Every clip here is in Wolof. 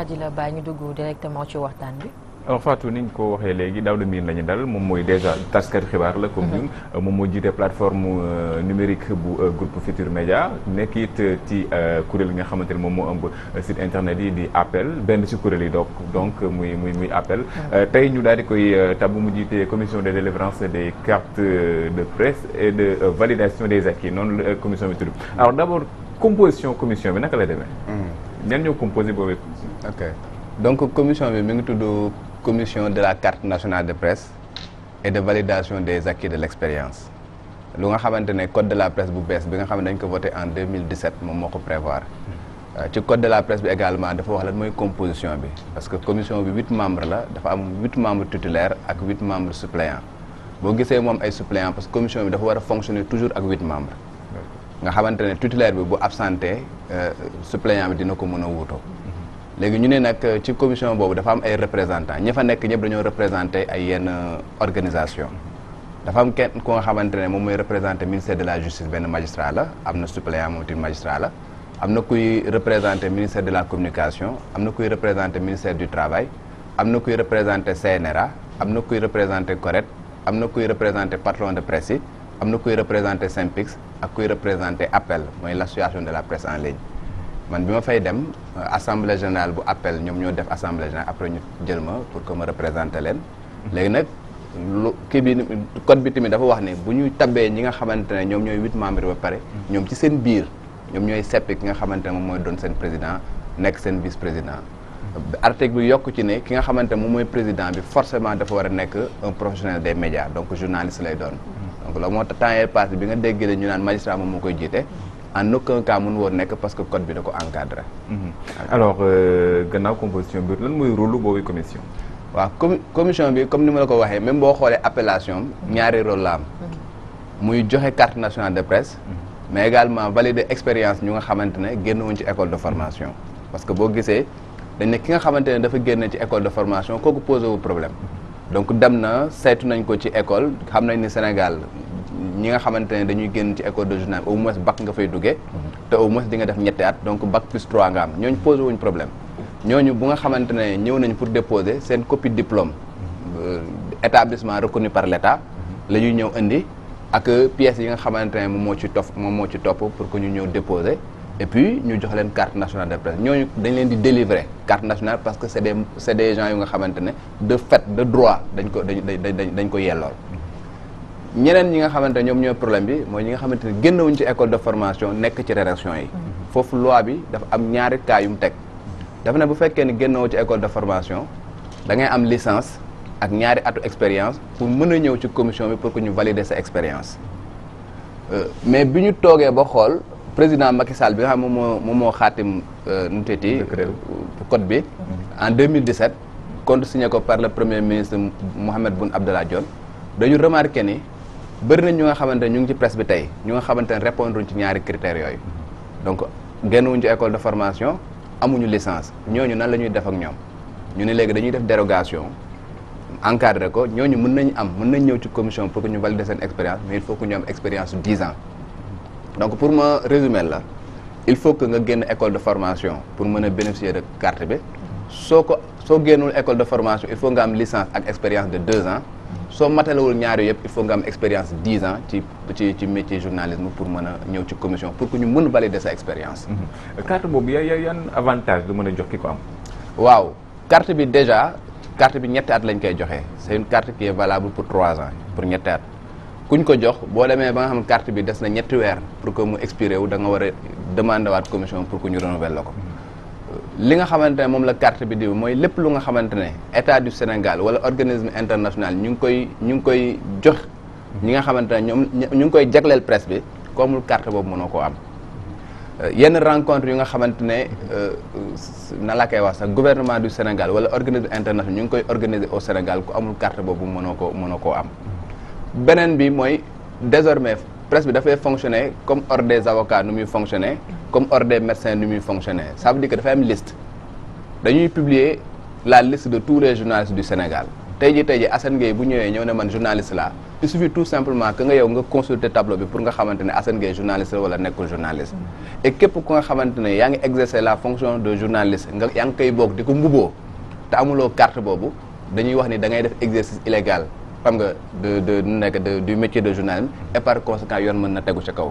Adila Ba ñu dugg directement ci waxtaan ni ñu ko waxee léegi Daouda Mine la ñu dal moom mooy déjà taskatu xibaar la comme ñun mhm. moom moo jiite plateforme euh, numérique bu euh, groupe Futur Média nekk it euh, ci kuréel gi nga xamante ne moom moo ëmb site internet yi di appel benn si kuréel yi donc donc muy muy muy appel mhm. tey ñu daal di koy tab mu jiite commission de délivrance des cartes de presse et de validation des acquis noonu la commission bi tudd alors d'abord composition commission bi naka la demee hmm. ñan ñoo composé boobu ok donc commission bi mu ngi tudd commission de la carte nationale de presse et de validation des acquis de l'expérience lu nga xamante ne code de la presse bu bees bi nga xam ne dañ ko voté en 2017 moom moo ko prévoir euh, ci code de la presse bi également dafa wax lan mooy composition bi parce que commission bi huit membres la dafa am huit membres titulaires ak huit membres suppléants boo gisee moom ay suppléants parce que commission bi dafa war a fonctionner toujours ak nga xamante ne titulaire bi bu absenté euh, suppléant bi dina ko mën a wuutoo léegi ñu ne nag euh, ci commission boobu dafa am ay représentants ñi fa nekk ñëpp dañoo représenté ay yenn euh, organisation dafa am kenn ku nga xamante ne moom mooy représenté ministère de la justice benn magistrat la am na suppléant moom tamit la am na kuy représenté ministère de la communication am na kuy représenté ministère du travail am na kuy représenté CNRA am na kuy représenté CORED am na kuy représenté patron de presse yi am na kuy représenté SYNPICS ak kuy représente APPEL mooy la association de la presse en ligne man bi ma fay dem euh, assemblée générale bu appel ñoom ñoo def assemblée générale après ñu jël ma pour que ma représenté leen. léegi nag lu kii bi code bi tamit dafa wax ne bu ñu tabee ñi nga xamante ne ñoom ñooy huit membres ba pare. ñoom ci seen biir ñoom ñooy seppi ki nga xamante ne moom mooy doon seen président nekk seen vice président. article bi yokk ci ne ki nga xamante moom mooy président bi forcément dafa war a nekk un professionnel des médias donc journaliste lay doon. moo tax temps yee passé bi nga naan magistrat moom moo koy jiite. en aucun cas mun woon nekk parce que code bi da ko encadré. Mhm. alors euh, gannaaw composition bi lan muy rôle boobu commission. waaw com commission bi comme ni ma la ko waxee même boo xoolee appellation ñaari rôle la mhm. muy joxe carte nationale de presse. Mhm. mais également valider expérience ñu nga xamante ne génnewuñ ci école de formation. parce que boo gisee dañ ne ki nga xamante ne dafa génn ci école de formation kooku posé wu problème. donc dem na saytu nañ ko ci école xam nañ ni Sénégal ñi nga xamante ne dañuy génn ci école de journalisme au moins bakk nga fay duggee te au moins di nga def ñetti at donc bac plus 3 nga am ñooñu posé wuñ problème ñooñu bu nga xamante ne ñëw nañ pour déposer seen copie diplôme euh, établissement reconnu par l' état la ñuy ñëw indi ak pièces yi nga xamante ne moom moo ci topp moom moo ci topp pour que ñu ñëw déposer et puis ñu jox leen carte nationale de presse ñooñu dañ leen di délivrer carte nationale parce que c' est des c' est des nga xamante ne de fait de droit dañ ko dañ dañ dañ ko yellool ñeneen ñi nga xamante ñoom ñooy problème bi mooy ñi nga xamante ne génnewuñ ci école de formation nekk ci rédaction yi mhm. foofu loi bi dafa am ñaari cas yu mu teg dafa ne bu fekkee ni génnewoo ci école de formation da ngay am licence ak ñaari atu expérience pour mën a ñëw ci commission bi pour que ñu valider sa expérience euh, mais bi ñu toogee ba xool président Macky Sall bi nga xam moom moo moo xaatim euh, nu teti euh, code bi mhm. en 2017 contresigné ko par le premier ministre Mohamed Boun Abdallah Dionne dañu remarqué ni bëri nañ ñu nga xamante ne ñu ngi ci presse bi tey ñu nga xamante ne répondre ci ñaari critères yooyu donc génnuwuñ ci école de formation amuñu licence ñooñu nan la ñuy def ak ñoom ñu ne léegi dañuy def dérogation encadré ko ñooñu mën nañ am mën nañ ñëw ci commission pour que ñu valider seen expérience mais il faut que ñu am expérience dix ans donc pour ma résumer la il faut que nga génn école de formation pour mën a bénéficier de carte bi soo ko soo génnul école de formation il faut am licence ak expérience de deux ans soo matalewul ñaar yooyu yëpp il faut nga am expérience dix ans ci ci ci métier journalisme pour mën a ñëw ci commission pour que ñu mën valider sa expérience. Mm-hmm. carte boobu ya yan avantage du mën a jox ki ko am. waaw carte bi déjà carte bi ñetti at lañ koy joxe seen une carte qui valable pour trois ans pour ñetti at. kuñ ko jox boo demee ba nga xam carte bi des na ñetti weer pour que mu expiré wu da nga war a demandé waat commission pour que ñu renouveler la ko. li nga xamante ne moom la carte bi di mooy lépp lu nga xamante ne état du Sénégal wala organisme international ñu ngi koy ñu ngi koy jox ñi nga xamante ne ñoom ñu ngi koy jagleel presse bi ko amul carte boobu mënoo koo am euh, yenn rencontre yu nga xamante ne euh, na laa koy wax sax gouvernement du Sénégal wala organisme international ñu ngi koy organiser au Sénégal ku amul carte boobu mënoo ko mënoo koo am beneen bi mooy désormais presse bi dafay fonctionner comme ordre des avocats nu muy fonctionner comme ordre des médecins ni muy fonctionnaire ça veut dire que dafay am liste dañuy publier la liste de tous les journalistes du Sénégal tey jii tey jii Assane Gueye bu ñëwee ñëw ne man journaliste la il suffit tout simplement que nga yow nga consulter tableau bi pour nga xamante ne Assane Gueye journaliste la wala nekkul journaliste et képp ku nga xamante ne yaa ngi exercer la fonction de journaliste nga yaa ngi koy bokk di ko mbuboo te amuloo carte boobu dañuy wax ni da ngay def exercice illégal xam nga de de nekk du métier de journalisme et par conséquent mën na tegu ca kaw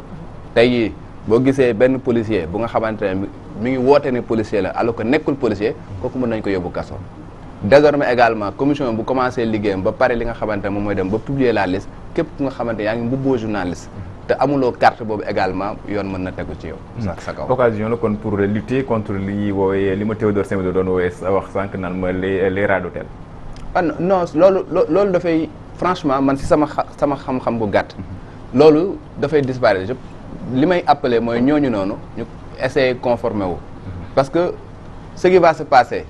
boo gisee benn policier bu nga xamante ne mi ngi woote ne policier la alors que nekkul policier kooku mën nañ ko yóbbu kaso désormais également commission bu commencé liggéeyam ba pare li nga xamante ne moom mooy dem ba publier la liste képp ku nga xamante yaa ngi mbubboo journaliste te amuloo carte boobu également yoon mën na tegu ci yow. Hmm. sa kaw occasion la kon pour lutter contre li woowee li ma Théodore Semedo doon woowee wax sànq naan ma les les rats d'hôtel. ah non loolu loolu dafay franchement man si sama sama xam bu gàtt. loolu dafay disparaître li may appeler mooy ñooñu noonu ñu essayer conformer wu. parce que ce qui va se passer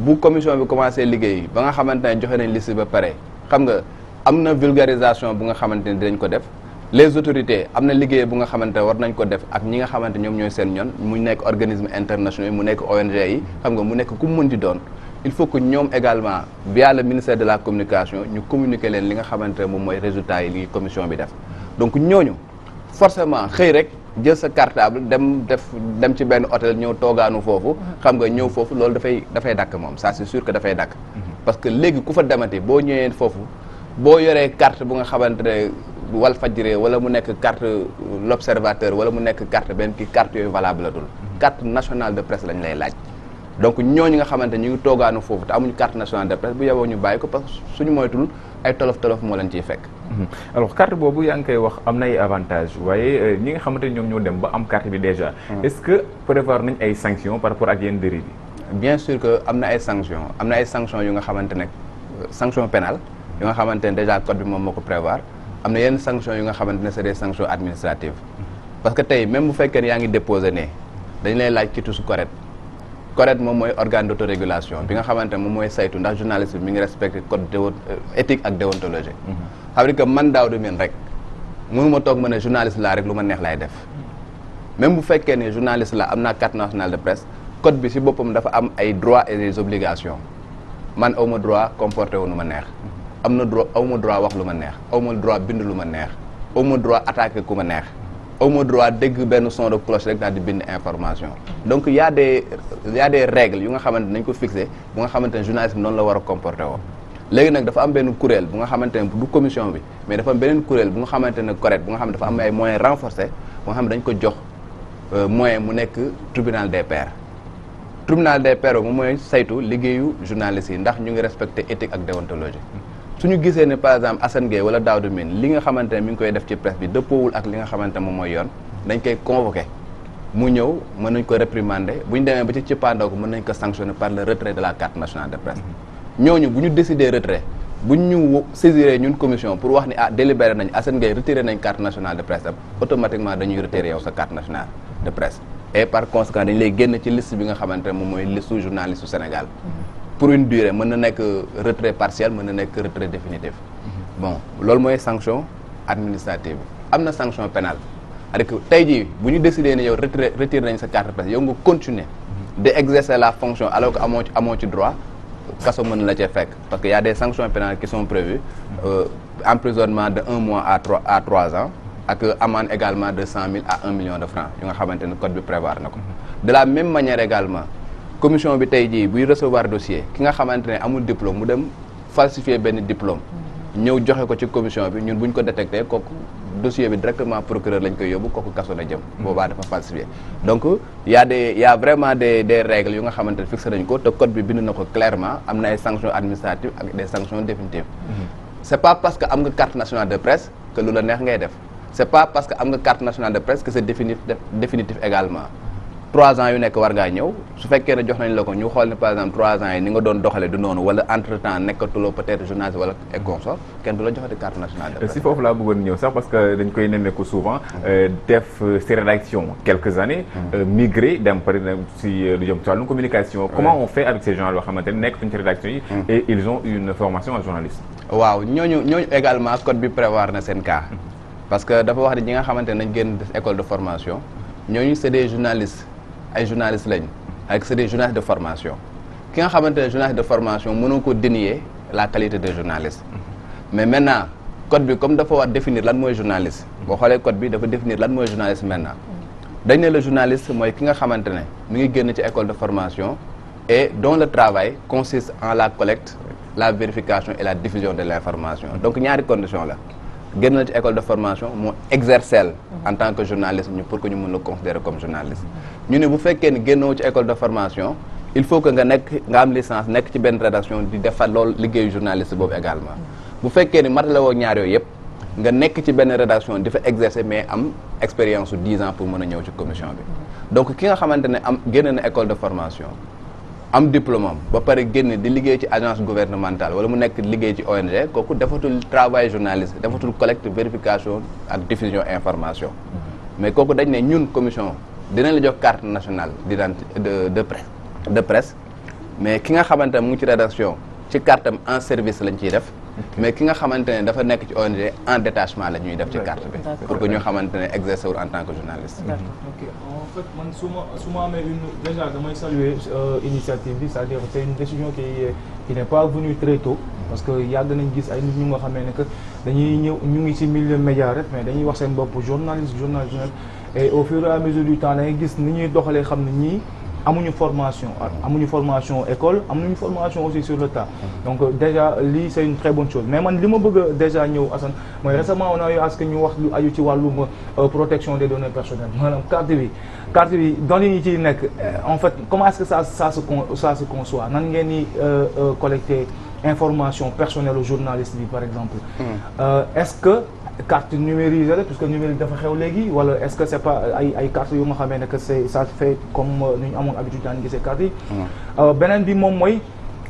bu commission bi commencé liggéey ba nga xamante ne joxe nañ liste ba pare xam nga am na vulgarisation bu nga xamante ne dinañ ko def. les autorités am na liggéey bu nga xamante war nañ ko def ak ñi nga xamante ñoom ñooy seen ñoon mu nekk organisme internationaux yi mu nekk ONG yi xam nga mu nekk ku mu mën di doon il faut que ñoom également via le ministère de la communication ñu communiquer leen li nga xamante moom mooy résultat yi li commission bi def donc ñooñu forcément xëy rek jël sa cartable dem def dem ci benn hôtel ñëw toogaanu foofu. xam nga ñëw foofu loolu dafay dafay dakk moom ça c'est sûr que dafay dakk. parce que léegi ku fa demate boo ñëwee foofu boo yoree carte bu nga xamante ne wal fajjire wala mu nekk carte l'observateur wala mu nekk carte benn kii carte yooyu valable la dul. Mm-hmm. carte nationale de presse lañ lay laaj. donc ñooñu nga xamante ñu ngi toogaanu foofu te amuñu carte nationale de presse bu yeboo ñu bàyyi ko parce que suñu moytul ay tolof tolof moo leen ciy fekk. Mhm. alors carte boobu yaa ngi koy wax am na ay avantages waaye euh, ñi nga xamante ñoom ñoo dem ba am carte bi déjà. Mhm. est-ce que prévoir nañ ay sanctions par rapport ak yenn dérives bien sûr que am na ay sanctions am na ay sanctions yu nga xamante ne euh, sanction pénale yu nga xamante ne déjà code bi moom moo ko prévoir am na yenn sanctions yu nga xamante ne c'est des sanctions administratives mhm. parce que tey même bu fekkee ne yaa ngi déposé ne dañu lay laaj kitu su correct CORED moom mooy organe d'autorégulation bi nga xamante moom mooy saytu ndax journaliste bi mi ngi respecté code déo euh, éthique ak déontologie xam mhm. nga man daaw du meen rek munuma toog ma ne journaliste la rek lu ma neex lay def même bu fekkee ne journaliste la am naa carte nationale de presse code bi ci boppam dafa am ay droits et des obligations man awma droit comporté wu nu ma neex am na droit awma droit wax lu ma neex awma droit bind lu ma neex awma droit attaqué ku ma neex au moins droit dégg benn son de cloche rek daal di bind information donc y a des y yu nga xamante nañ ko fixé bu nga xamante ne journaliste bi noonu la war a comporté woo léegi nag dafa am benn kuréel bu nga xamante ne du commission bi mais dafa am beneen bu nga xamante ne correct bu nga am ay moyens renforcés bu nga dañ ko jox euh, moyen mu nekk tribunal des pairs tribunal des pairs moom mooy saytu liggéeyu journaliste yi ndax ñu ngi respecté éthique ak déontologie suñu gisee ne par exemple Assane Gueye wala Daouda Mine li nga xamante mi ngi koy def ci presse bi dëppoowul ak li nga xamante ne moom mooy yoon dañ koy convoqué mu ñëw mën nañ ko réprimander bu ñu demee ba ci cëppaandaw ko mën nañ ko sanctionner par le retrait de la carte nationale de presse ñooñu bu ñu décider retrait bu ñu saisiré ñun commission pour wax ni ah délibéré nañ Assane Gueye retiré nañ carte nationale de presse am automatiquement dañuy retiré yow sa bi nga xamante ne moom mooy liste journaliste su Sénégal pour une durée mën na nekk retrait partiel mën na nekk retrait définitif mhm. bon loolu mooy sanction administrative am na sanction pénale c'est-à-dire que tey jii bu ñu décidé ne yow retrait retiré nañ sa carte presse yow nga continuer de exercer la fonction alors que ci amoo ci droit kaso mën na la cee fekk parce que y a des sanctions pénales qui son prévues euh, emprisonnement de un mois à trois à trois ans ak amende également de cent mille à un million de francs yu nga xamante ne code bi prévoir na ko mhm. de commission bi tey jii buy recevoir dossier ki nga xamante ne amul diplôme mu dem falsifier benn diplôme. ñëw joxe ko ci commission bi ñun bu ñu ko détecté kooku dossier bi directement procureur lañ koy yóbbu kooku kaso la jëm. Hmm. boobaa dafa falsifié donc y' a des y' a vraiment des des règles yu nga xamante ne fixé nañ ko te code bi bind na ko clairement am na ay sanctions administratives ak de presse que lu pas parce am nga carte nationale de presse trois ans yu nekk war ngaa ñëw su fekkee ne jox nañ la ko ñu xool ne par exemple trois ans yi ni nga doon doxale du noonu wala entre nekkatuloo peut-être journaliste wala et kenn du la joxati carte nationale si foofu laa bëggoon ñëw sax parce que dañ koy nemmeeku souvent euh, def euh, si rédaction quelques années hmm. euh, migrer dem par exemple si lu jëm si wàllum communication comment on fait avec ces gens yoo ci rédaction yi hmm. et hmm. dafa wax ne ñi nga xamante ne nañ génn def école de formation ñooñu ay journalistes lañ ak c'est des journalistes de formation ki nga xamante ne journaliste de formation mënoo ko dénier la qualité de journaliste. Mm-hmm. mais maintenant code bi comme dafa war définir lan mooy journaliste. boo xoolee code bi dafa définir lan mooy journaliste maintenant. Mm-hmm. dañ ne le journaliste mooy ki nga xamante ne mi ngi génn ci école de formation et dont le travail consiste en la collect la vérification et la diffusion de l'information donc ñaari condition la. génn na ci école de formation mu exercel en tant que journaliste ñu pour que ñu mën la considérer comme journaliste ñu ne bu fekkee ne génnoo ci école de formation il faut que nga nekk nga am licence nekk ci benn rédaction di defar loolu liggéeyu journaliste boobu également bu fekkee ni matale woo ñaar yooyu yëpp nga nekk ci benn rédaction di fa exercer mais am expérience su 10 ans pour mën a ñëw ci commission bi donc ki nga xamante ne am génn na école de formation am diplôme ba pare génn di liggéey ci agence gouvernementale wala mu nekk liggéey ci ONG kooku defatul travail journaliste defatul collecte vérification ak diffusion information mm-hmm. mais kooku dañ ne ñun commission dinañ la jox carte national d'identité de de presse de presse mais ki nga xamante ne mu ngi ci rédaction ci carte en service lañ ciy def mais ki nga xamante ne dafa nekk ci ONG en détachement la ñuy def ci carte bi pour que ñu xamante ne exercer wul en tant que journaliste mhm. man su ma su ma amee une déjà damay saluer euh, initiative bi c'est-à-dire c'est une décision qui qui pas venue très parce que yàgg nañ gis ay nit ñu nga xamee ne que dañuy ñëw ñu ngi ci milieu média rek mais dañuy wax seen bopp journaliste journaliste et au fur et à mesure du temps dangay gis ni ñuy doxalee xam na ñii amuñu formation ah, mm-hmm. amuñu formation école amuñu formation aussi sur le tas mm-hmm. donc euh, déjà lii c'est une très bonne chose mais man li ma bëgg a déjà ñëw Assane mooy récemment on a eu à ce que ñu wax lu aju ci wàllum euh, protection des données personnelles maanaam carte bi carte bi données yi ciy nekk euh, en fait comment est-ce ça ça se ça se conçoit nan ngeen ni collecter information personnelle au journaliste par exemple mm. est-ce que carte numérisée la puisque numérique dafa xew léegi wala est-ce que c'est pas ay ay cartes yu nga xamee ne que c'est ça fait comme nu ñu amoon habitude daan gisee cartes yi. Euh, beneen bi moom mooy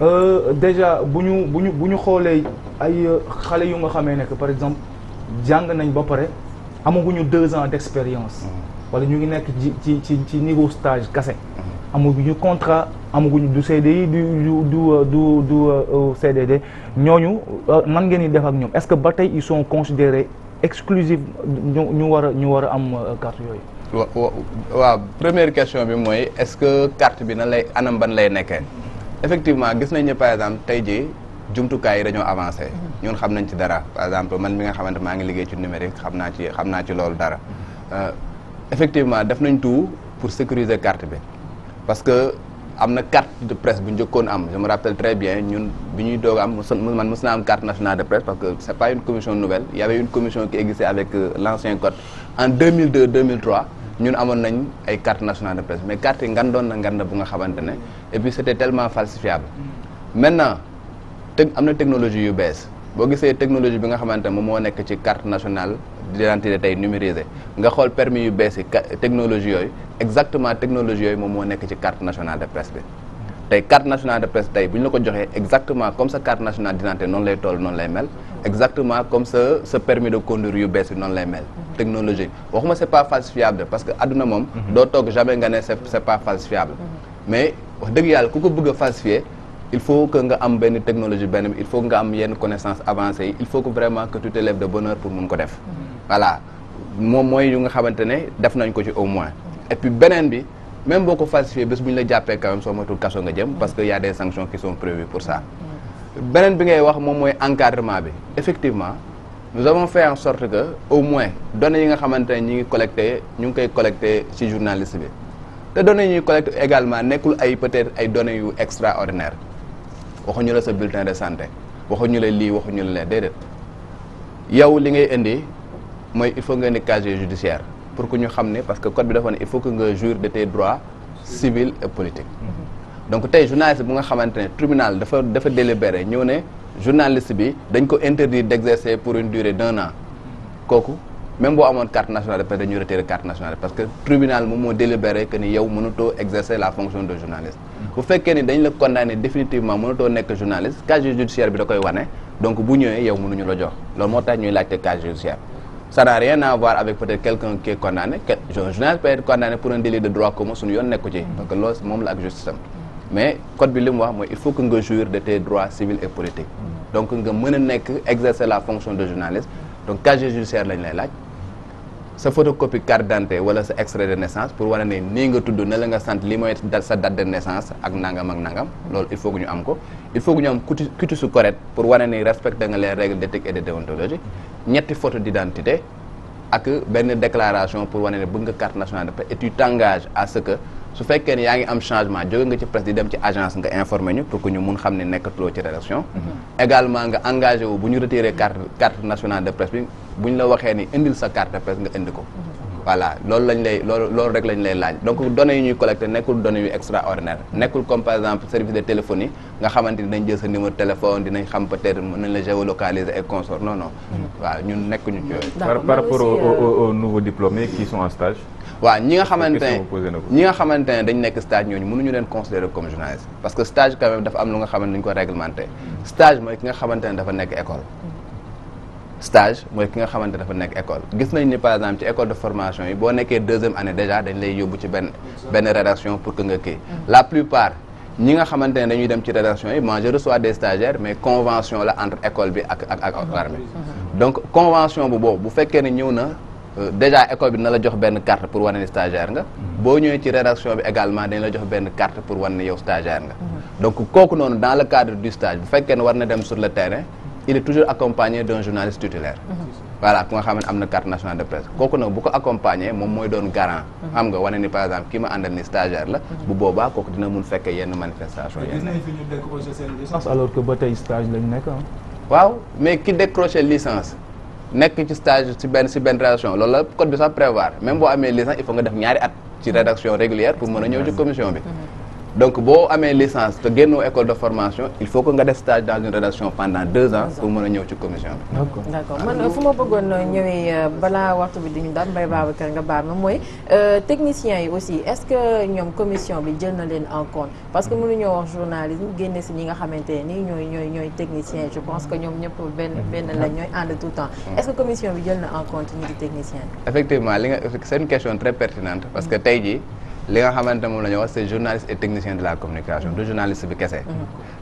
euh, déjà bu ñu bu ñu bu ñu xoolee ay euh, xale yoo nga xamee ne que par exemple jàng nañ ba pare amaguñu deux ans d'expérience. wala ñu ngi nekk ci ci ci ci niveau stage kase. amaguñu contrat amaguñu du CDI du du du du du CDD. ñooñu euh, nan ngeen di def ak ñoom est-ce que ba tey ils sont considérés exclusifs ñu ñu war ñu war a am euh, carte yooyu. waaw première question bi mooy est-ce que carte bi na lay anam ban lay nekkee effectivement gis nañ ne par exemple tey jii jumtukaay yi dañoo avancé. ñun xam nañ ci dara par exemple man mi nga xamante maa ngi liggéey ci numérique xam naa ci xam naa ci loolu dara euh, effectivement def nañ tout pour sécuriser carte bi parce que. am na carte de presse bu njëkkoon am je me rappelle très bien ñun bi ñuy doog am man mës naa am carte nationale de presse parce que c'est pas une commission nouvelle il y avait une commission qui existait avec euh, l'ancien code en ñun amoon nañ ay carte nationale de presse mais carte yi ngandoon na nganda bu nga xamante et puis c'était tellement falsifiable maintenant te am na technologie yu bees boo gisee technologie bi nga xamante ne moom moo nekk ci carte nationale l'identité tey numérisée nga xool permis yu bees yi technologie yooyu exactement technologie yooyu moom moo nekk ci carte nationale de presse bi tey carte nationale de presse bu ñu la ko joxee exactement comme sa carte nationale d'identité noonu lay toll noonu lay mel exactement comme sa sa permis de conduire yu bees yi noonu lay mel technologie waxuma c'est pas falsifiable parce que adduna moom mhm. doo toog jamais nga ne c'est c'est pas falsifiable mhm. mais wax dëgg yàlla ku ko bëgg a falsifier il faut que nga am benn technologie benn il faut que nga am yenn connaissance avancée yi il faut que vraiment que tu t'élèves de bonne pour mun ko def. voilà moom mooy yu nga xamante ne def nañ ko ci au moins. et puis beneen bi même boo ko falsifié bés bu ñu la jàppee quand même soo matul kaso nga jëm parce que y a des sanctions qui sont prévues pour ça. beneen bi ngay wax moom mooy encadrement bi effectivement. nous avons fait en sorte que au moins données yi nga xamante ne ñi ngi collecté ñu ngi koy collecté ci journaliste bi te données ñuy collecté également nekkul ay peut-être ay données yu extraordinaire waxuñu la sa bulletin de santé waxuñu la lii waxuñu la lee déedéet yow li ngay indi mooy il faut nga ni casier judiciaire pour que ñu xam ne parce que code bi dafa ne il faut que nga jouir de tes droits civils et politiques. Mm-hmm. donc tey journaliste bu nga xamante ne tribunal dafa dafa délibéré ñëw ne journaliste bi dañ ko interdire d'exercer pour une durée d'un an kooku même boo amoon carte nationale parce que tribunal moom moo délibéré que ni yow mënutoo exercer la fonction de bu fekkee ni dañ la condamné définitivement mënatoo nekk journaliste casier judiciaire bi da koy wane donc bu ñëwee yow mënuñu la jox loolu moo tax ñuy laajte casier judiciaire ça n'a rien à avec peut quelqu'un qui est condamné un journaliste pour un délit de droit commun suñu yoon nekku ci moom la ak justice am mais code bi li wax mooy il faut que nga jouir de tes droits civils et politiques mm. donc nga mën a nekk exercer la fonction de journaliste laaj sa photocopie carte d'identité wala sa extrait de naissance pour wane ne nii nga tudd na la nga sant li mooy sa date de naissance ak nangam ak nangam loolu il faut que ñu am ko il faut que ñu am cutis su correct pour wane ne respecté nga les règles d'éthique et de déontologie ñetti photo d'identité ak benn déclaration pour wane ne bëgg nga carte nationale de presse et tu à ce que su fekkee ne yaa ngi am changement jóge nga ci presse di dem ci agence nga informer ñu pour que xam ne nekkatuloo ci rédaction mm-hmm. également nga engagé bu ñu retiré carte carte nationale de presse bi bu ñu la waxee ni indil sa carte presse nga indi ko voilà loolu lañ lay loolu loolu rek lañ lay laaj donc données yu ñuy collecté nekkul données yu extraordinaire nekkul comme par exemple service de téléphonie nga xamante ni dañ jël sa numéro téléphone dinañ xam peut-être mën non non waaw ñun nekkuñu ci euh, ñi nga xamante ne ñi nga xamante ne dañ nekk stage ñooñu mënuñu leen considérer comme journaliste parce que stage quand même dafa am lu nga xamante dañ ko réglementé stage mooy ki nga xamante ne dafa nekk école stage mooy ki nga xamante dafa nekk école gis nañ ni par exemple ci école de formation yi boo nekkee deuxième année déjà dañ lay yóbbu ci benn benn rédaction pour que nga kii mm. la plupart ñi nga xamante ne dañuy dem ci rédaction yi moi je reçois des stagiaires mais convention la entre école bi ak ak ak l'armée mm-hmm. mm-hmm. donc convention bu boo bu fekkee ne ñëw na euh, déjà école bi na la jox benn carte pour wane ni stagiaire nga mm-hmm. boo ñëwee ci rédaction bi également dañ la jox benn carte pour wane ni yow stagiaire nga donc kooku noonu dans le cadre du stage fekkee ne war na dem sur le terrain il est toujours accompagné d'un journaliste tutélaire. Mhm. voilà ku nga xam ne am na carte nationale de presse kooku nag bu ko accompagné moom mooy doon garant. Mhm. xam nga wane ni par exemple ki ma àndal ni stagiaire la. Mhm. bu boobaa kooku dina mun fekk yenn manifestation yenn licence alors que ba tey stage lañu nekk waaw mais ki décroché licence nekk ci stage ci benn ci benn rédaction loolu la code bi sax prévoir même boo amee licence il faut nga def ñaari at ci rédaction régulière pour mën a ñëw ci donc boo amee licence te génnoo école de formation il faut que nga def stage dans une rédaction pendant deux ans pour mën a ñëw ci commission bi. d' man fu ma bëggoon ñëwee euh, balaa waxtu bi di ñu daan Mbaye Babacar nga baal ma mooy euh, techniciens yi aussi est ce que ñoom commission bi jël na leen en compte parce que mënuñoo wax journalisme génne si ñi nga xamante ne nii ñooy ñooy ñooy techniciens je pense que ñoom ñëpp benn benn la ñooy ànd tout temps mm. est que commission en compte ñi di techniciens yi. effectivement li nga que tey jii. li nga xamante moom la ñu wax c'est journaliste et technicien de la communication du journaliste bi kese.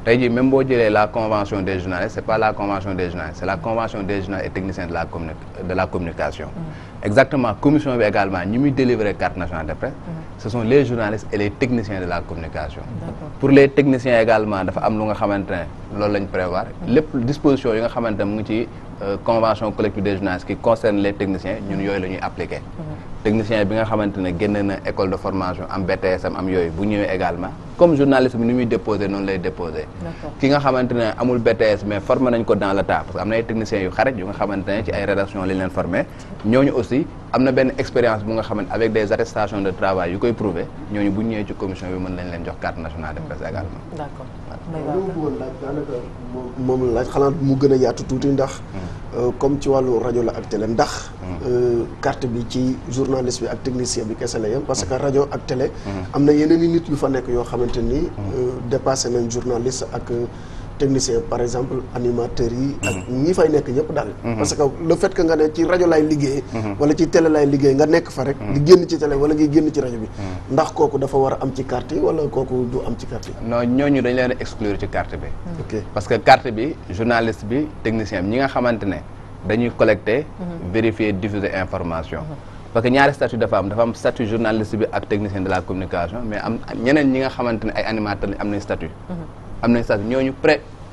tey jii même boo jëlee la convention des journalistes c'est pas la convention des journalistes c'est la communication. Mm. exactement commission bi également ñi muy délivrer carte nationale de presse. Mm. ce sont les journalistes et les techniciens de la communication. pour les techniciens également dafa am lu nga xamante loolu lañ prévoir. Mm. lépp disposition yi nga xamante convention collective des journalistes qui concerne les techniciens ñun yooyu la ñuy appliqué. technicien bi nga xamante ne génn na école de formation am BTS am am yooyu bu ñëwee également comme journaliste bi ni muy déposé noonu lay déposé. ki nga xamante ne amul BTS mais formé nañ ko dans le tas parce que am na ay techniciens yu xarit yu nga xamante ne ci ay rédaction lañ leen formé ñooñu aussi am na benn expérience bu nga xamante avec des attestations de travail yu koy prouvé ñooñu bu ñëwee ci commission leen jox carte moom la laaj xalaat mu gën a yaatu tuuti ndax euh, comme ci wàllu rajo la ak télé ndax hmm. euh, carte bi ci journaliste bi ak technicien bi kese la yem parce que hmm. rajo ak télé hmm. am na yeneen i nit yu fa nekk yoo xamante ni euh, dépassé nañ journaliste ak technicien par exemple animateurs yi mm-hmm. ñi fay nekk ñëpp daal mm-hmm. parce que le fait que nga ne ci rajo laay liggéey mm-hmm. wala ci télé laay liggéey nga nekk fa rek di génn ci télé wala ngay génn ci rajo bi ndax kooku dafa war a am ci carte yi wala kooku du am ci carte yi non ñooñu dañ leen a exclure ci carte bi parce que carte bi journaliste bi technicien bi ñi nga xamante dañuy collecter vérifier diffuser information parce que ñaari statut dafa am dafa am statut journaliste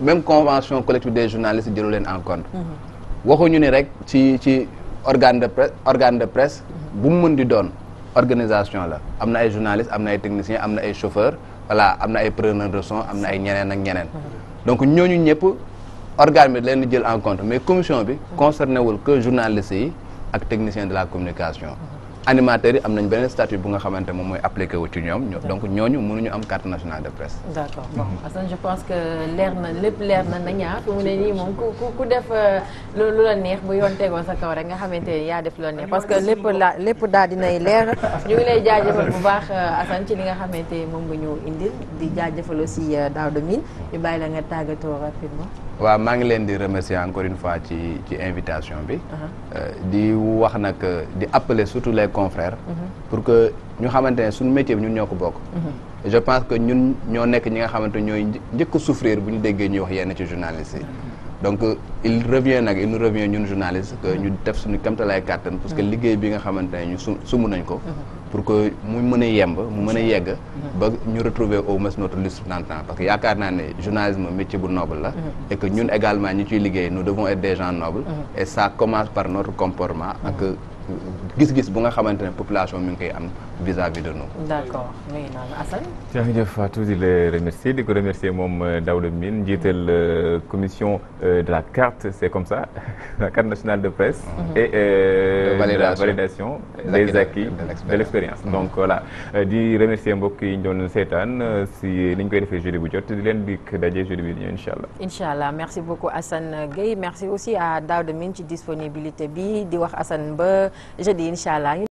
même convention collective des journalistes jëlu leen en compte. Mhm. waxuñu ni rek ci ci organe de presse organe de presse. bu mu mën di doon organisation la am na ay journalistes am na ay techniciens am na ay chauffeurs voilà am na ay preneurs de son am na ay ñeneen ak ñeneen. Mhm. donc ñooñu ñëpp organe bi leen jël en compte mais commission bi. concerné wul que journalistes yi ak technicien de la communication. Mhm. animateurs yi am nañ beneen statut bu nga xamante moom mooy appliqué wu ci ñoom. donc ñooñu mënuñu am carte nationale de presse. d' accord bon mhm. Assane je pense que leer na lépp leer na nañu ah fi mu ne nii moom ku ku def euh, lu la neex bu yoon tegoo sa kaw rek nga xamante ni yaa def lu la neex parce que lépp la lépp daal dinay leer ñu ngi lay jaajëfal bu baax euh, Assane ci li nga te moom nga ñëw indi di jaajëfal aussi euh, Daouda Mine ñu bàyyi la nga tàggatoo rapidement. waaw maa ngi leen di remercier encore une fois ci ci invitation bi. Uh-huh. Euh, di wax nag euh, di appeler surtout les confrères. Uh-huh. pour que ñu xamante ne suñu métier bi ñun ñoo ko bokk. Uh-huh. je pense que ñun ñoo nekk ñi nga xamante ñooy njëkk a bu ñu déggee ñuy wax yenn ci journalistes yi. donc euh, il revient nag il nous revient ñun journalistes que ñu def suñu kéemtalaay kàttan. parce que liggéey bi nga xamante ne ñu su sumu nañ ko. pour que mu mën a yemb mu mën a yegg ba ñu retrouver au moins notre lustre d'antan parce que yaakaar naa ne journalisme métier bu noble la mm-hmm. et que ñun également ñu ciy liggéey nous devons être des nobles mm-hmm. et ça commence par notre comportement ak mm-hmm. gis-gis bu nga xamante ne population mi ngi koy am vis-à-vis de nous. d'accord muy noonu Assane. di la remercier di ko remercier moom euh, Daouda Mine njiital euh, commission euh, de la carte c'est comme ça la carte nationale de presse. Mhm. et euh, de validation, de la validation des acquis de l'expérience mhm. donc voilà di remercier mbokk yi ñu doon seetaan si ni ñu koy defee jeudi bu jot di leen dikk daje jeudi bi ñëw incha allah. incha allah merci beaucoup Assane Gueye aussi à Daouda ci disponibilité bi jeudi incha allah